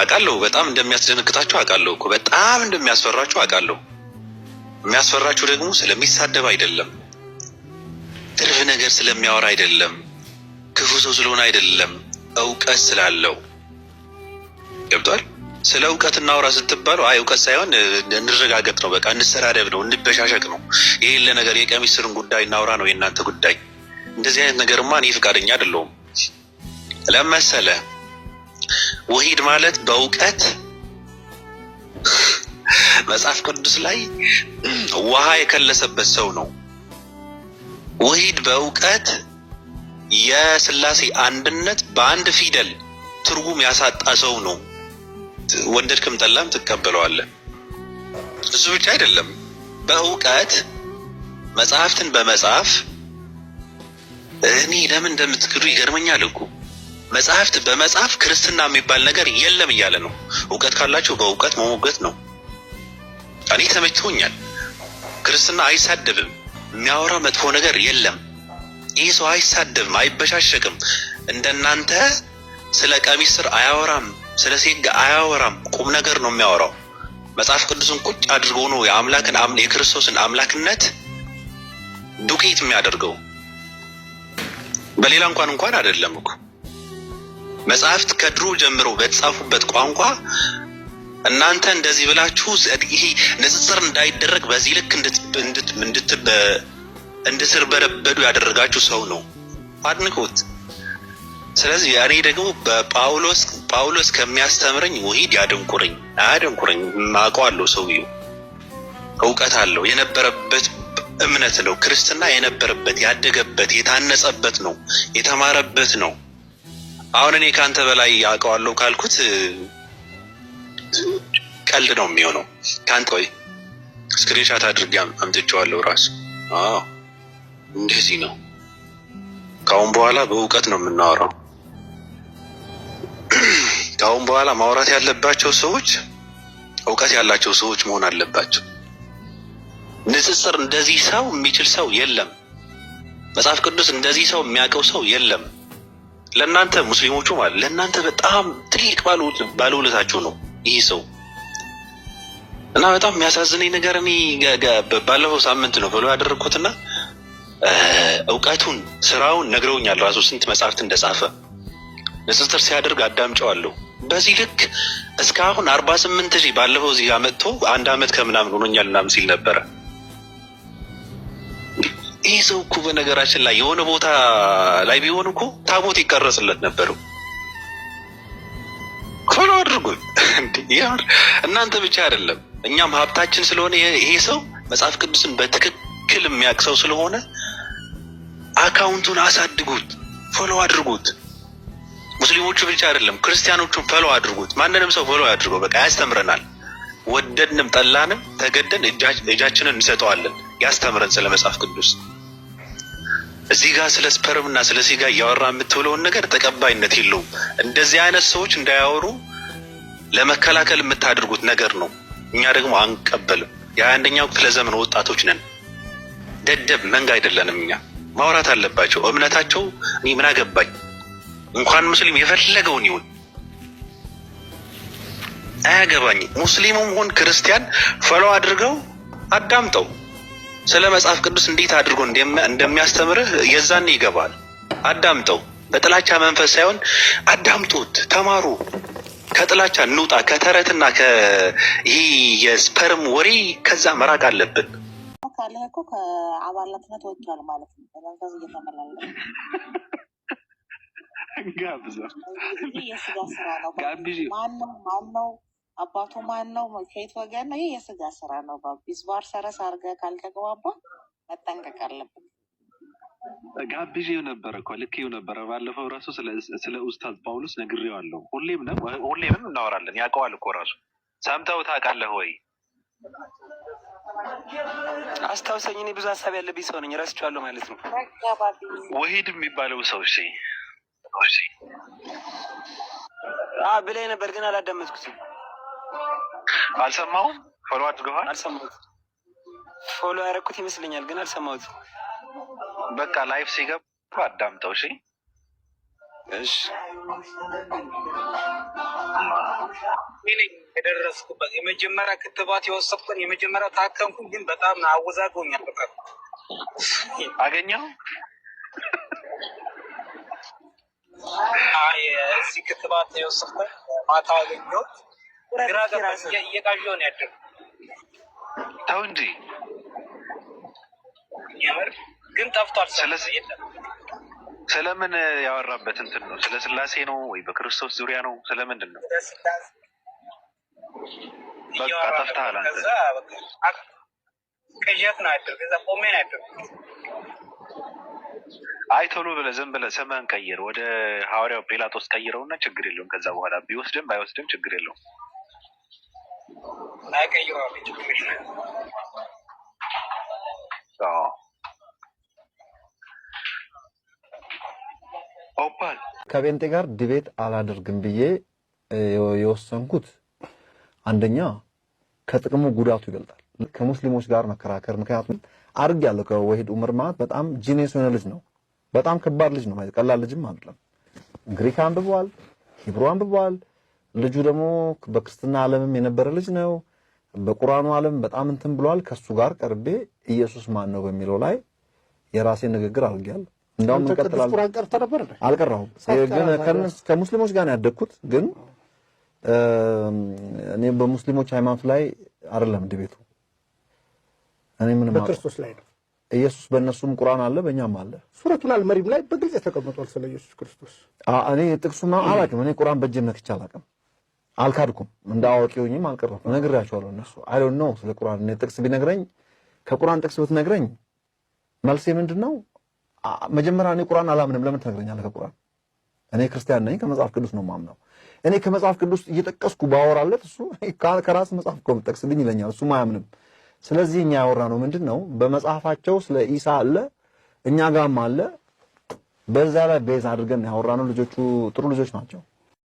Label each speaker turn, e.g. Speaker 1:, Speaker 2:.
Speaker 1: አውቃለሁ። በጣም እንደሚያስደነግጣቸው አውቃለሁ እኮ በጣም እንደሚያስፈራቸው አውቃለሁ። የሚያስፈራቸው ደግሞ ስለሚሳደብ አይደለም፣ ትርፍ ነገር ስለሚያወራ አይደለም፣ ክፉ ሰው ስለሆነ አይደለም፣ እውቀት ስላለው ገብቷል። ስለ እውቀት እናውራ ስትባሉ አይ እውቀት ሳይሆን እንረጋገጥ ነው፣ በቃ እንሰዳደብ ነው፣ እንበሻሸቅ ነው። ይህ ለነገር የቀሚስ ስርን ጉዳይ እናውራ ነው የእናንተ ጉዳይ። እንደዚህ አይነት ነገርማ እኔ ፈቃደኛ አይደለሁም ለመሰለ ውሂድ ማለት በእውቀት መጽሐፍ ቅዱስ ላይ ውሃ የከለሰበት ሰው ነው። ውሂድ በእውቀት የስላሴ አንድነት በአንድ ፊደል ትርጉም ያሳጣ ሰው ነው። ወደድክም ጠላም ትቀበለዋለህ። እሱ ብቻ አይደለም፣ በእውቀት መጽሐፍትን በመጽሐፍ እኔ ለምን እንደምትክዱ ይገርመኛል እኮ መጽሐፍት በመጽሐፍ ክርስትና የሚባል ነገር የለም እያለ ነው። እውቀት ካላቸው በእውቀት መሞገት ነው። እኔ ተመችቶኛል። ክርስትና አይሳደብም። የሚያወራ መጥፎ ነገር የለም። ይህ ሰው አይሳደብም፣ አይበሻሸቅም። እንደናንተ ስለ ቀሚስ ስር አያወራም፣ ስለ ሴጋ አያወራም። ቁም ነገር ነው የሚያወራው። መጽሐፍ ቅዱስን ቁጭ አድርጎ ነው የአምላክን የክርስቶስን አምላክነት ዱቄት የሚያደርገው። በሌላ እንኳን እንኳን አይደለም እኮ መጽሐፍት ከድሮ ጀምሮ በተጻፉበት ቋንቋ እናንተ እንደዚህ ብላችሁ ይሄ ንጽጽር እንዳይደረግ በዚህ ልክ እንድትርበረበዱ ያደረጋችሁ ሰው ነው አድንቁት። ስለዚህ እኔ ደግሞ በጳውሎስ ጳውሎስ ከሚያስተምረኝ ውሂድ ያደንቁረኝ አያደንቁረኝ አውቀዋለሁ። ሰውዩ እውቀት አለው። የነበረበት እምነት ነው ክርስትና፣ የነበረበት ያደገበት የታነጸበት ነው የተማረበት ነው። አሁን እኔ ከአንተ በላይ አውቀዋለሁ ካልኩት ቀልድ ነው የሚሆነው። ከአንተ ወይ ስክሪንሻት አድርጌ አምጥቼዋለሁ ራሱ። አዎ እንደዚህ ነው። ከአሁን በኋላ በእውቀት ነው የምናወራው። ከአሁን በኋላ ማውራት ያለባቸው ሰዎች እውቀት ያላቸው ሰዎች መሆን አለባቸው። ንጽጽር እንደዚህ ሰው የሚችል ሰው የለም። መጽሐፍ ቅዱስ እንደዚህ ሰው የሚያውቀው ሰው የለም። ለእናንተ ሙስሊሞቹ ማለት ለእናንተ በጣም ትልቅ ባለውለታችሁ ነው ይህ ሰው እና በጣም የሚያሳዝነኝ ነገር እኔ ባለፈው ሳምንት ነው ብሎ ያደረግኩትና እውቀቱን ስራውን ነግረውኛል። ራሱ ስንት መጽሐፍት እንደጻፈ ንጽጽር ሲያደርግ አዳምጨዋለሁ። በዚህ ልክ እስካሁን አርባ ስምንት ሺህ ባለፈው እዚህ መጥቶ አንድ አመት ከምናምን ሆኖኛል ምናምን ሲል ነበረ። ይህ ሰው እኮ በነገራችን ላይ የሆነ ቦታ ላይ ቢሆን እኮ ታቦት ይቀረጽለት ነበረው ፎሎ አድርጉን። እናንተ ብቻ አይደለም እኛም ሀብታችን ስለሆነ ይሄ ሰው መጽሐፍ ቅዱስን በትክክል የሚያውቅ ሰው ስለሆነ አካውንቱን አሳድጉት፣ ፎሎ አድርጉት። ሙስሊሞቹ ብቻ አይደለም ክርስቲያኖቹን ፎሎ አድርጉት። ማንንም ሰው ፎሎ አድርገው። በቃ ያስተምረናል። ወደድንም ጠላንም ተገደን እጃችንን እንሰጠዋለን። ያስተምረን ስለ መጽሐፍ ቅዱስ እዚህ ጋር ስለ ስፐርም እና ስለ ሲጋ እያወራ የምትውለውን ነገር ተቀባይነት የለውም። እንደዚህ አይነት ሰዎች እንዳያወሩ ለመከላከል የምታደርጉት ነገር ነው። እኛ ደግሞ አንቀበልም። የአንደኛው ክፍለ ዘመን ወጣቶች ነን። ደደብ መንግ አይደለንም። እኛ ማውራት አለባቸው እምነታቸው። እኔ ምን አገባኝ? እንኳን ሙስሊም የፈለገውን ይሁን አያገባኝ ሙስሊሙም ሆን ክርስቲያን ፈሎ አድርገው አዳምጠው ስለ መጽሐፍ ቅዱስ እንዴት አድርጎ እንደሚያስተምርህ የዛን ይገባል። አዳምጠው። በጥላቻ መንፈስ ሳይሆን አዳምጡት፣ ተማሩ። ከጥላቻ እንውጣ። ከተረትና ይህ የስፐርም ወሬ ከዛ መራቅ አለብን።
Speaker 2: ካለህ እኮ ከአባላትነት ወጥቷል ማለት ነው። ነው። አባቱ ማን ነው? ከየት ወገን ነው? ይህ የስጋ ስራ ነው። ጋቢዝ ባር ሰረስ አድርገህ ካልተግባባ መጠንቀቅ አለብን።
Speaker 1: ጋብዤው ነበረ እኮ ልክዬው ነበረ። ባለፈው ራሱ ስለ ኡስታዝ ጳውሎስ ነግሬዋለሁ። ሁሌም ሁሌምም እናወራለን። ያውቀዋል እኮ ራሱ ሰምተው ታውቃለህ ወይ?
Speaker 3: አስታውሰኝ። እኔ ብዙ ሀሳብ ያለብኝ ሰው ነኝ። እረስቸዋለሁ ማለት ነው።
Speaker 1: ወሂድ የሚባለው ሰው እሺ
Speaker 3: ብላይ ነበር፣ ግን አላዳመጥኩትም።
Speaker 1: አልሰማሁም። ፎሎ አድርገዋል። አልሰማሁትም።
Speaker 3: ፎሎ ያደረኩት ይመስለኛል፣ ግን አልሰማሁትም።
Speaker 1: በቃ ላይፍ ሲገባ አዳምጠው። እሺ እሺ።
Speaker 4: የደረስኩበት የመጀመሪያ ክትባት የወሰድኩን የመጀመሪያ ታከምኩን፣ ግን በጣም አወዛግቦኛል። በቃ አገኘው እዚህ ክትባት የወሰድኩን ማታ አገኘሁት። ተው እንጂ ግን ጠፍቷል።
Speaker 1: ስለምን ያወራበት እንትን ነው? ስለ ስላሴ ነው ወይ በክርስቶስ ዙሪያ ነው? ስለምንድን ነው? በቃ ጠፍተሃል አንተ።
Speaker 4: ቅዠት ነው ያደርግ እዛ ቆሜ ነው ያደርግ።
Speaker 1: አይ ቶሎ ብለህ ዝም ብለህ ስምህን ቀይር፣ ወደ ሐዋርያው ጲላጦስ ቀይረውና ችግር የለውም። ከዛ በኋላ ቢወስድም ባይወስድም ችግር የለውም።
Speaker 4: ላይቀይረዋለች ትንሽ
Speaker 1: ኦፓል
Speaker 5: ከጴንጤ ጋር ዲቤት አላደርግም ብዬ የወሰንኩት አንደኛ ከጥቅሙ ጉዳቱ ይበልጣል ከሙስሊሞች ጋር መከራከር። ምክንያቱም አርግ ያለው ከወሂድ ኡመር ማለት በጣም ጂኔስ የሆነ ልጅ ነው። በጣም ከባድ ልጅ ነው። ቀላል ልጅም አይደለም። ግሪክ አንብበዋል፣ ሂብሮ አንብበዋል። ልጁ ደግሞ በክርስትና ዓለምም የነበረ ልጅ ነው። በቁርአኑ ዓለም በጣም እንትን ብሏል። ከሱ ጋር ቀርቤ ኢየሱስ ማን ነው በሚለው ላይ የራሴ ንግግር አድርጌያለሁ።
Speaker 1: እንዳውም እንቀጥላለን። ቁርአን ቀርተህ ነበር?
Speaker 5: አልቀራሁም፣ ግን ከሙስሊሞች ጋር ነው ያደግኩት። ግን እኔ በሙስሊሞች ሃይማኖት ላይ አይደለም ድቤቱ።
Speaker 1: እኔ ምንም በክርስቶስ ላይ ነው።
Speaker 5: ኢየሱስ በእነሱም ቁርአን አለ፣ በእኛም አለ።
Speaker 1: ሱረቱን አልመሪም ላይ በግልጽ ተቀምጧል ስለ ኢየሱስ ክርስቶስ።
Speaker 5: እኔ ጥቅሱን አላውቅም። እኔ ቁርአን በእጄም ነክቼ አላውቅም። አልካድኩም እንደ አዋቂ ሆኜም አልቀረኩም። ነግሬያቸዋለሁ። እነሱ አይዶን ነው ስለ ቁርአን ጥቅስ ቢነግረኝ ከቁርአን ጥቅስ ብትነግረኝ መልሴ ምንድን ነው? መጀመሪያ እኔ ቁርአን አላምንም። ለምን ትነግረኛለህ ከቁርአን? እኔ ክርስቲያን ነኝ፣ ከመጽሐፍ ቅዱስ ነው ማምነው። እኔ ከመጽሐፍ ቅዱስ እየጠቀስኩ ባወራለት እሱ ከራስ መጽሐፍ እኮ የምጠቅስልኝ ይለኛል። እሱም አያምንም። ስለዚህ እኛ ያወራ ነው ምንድን ነው በመጽሐፋቸው ስለ ኢሳ አለ፣ እኛ ጋም አለ። በዛ ላይ ቤዝ አድርገን ያወራ ነው። ልጆቹ ጥሩ ልጆች ናቸው።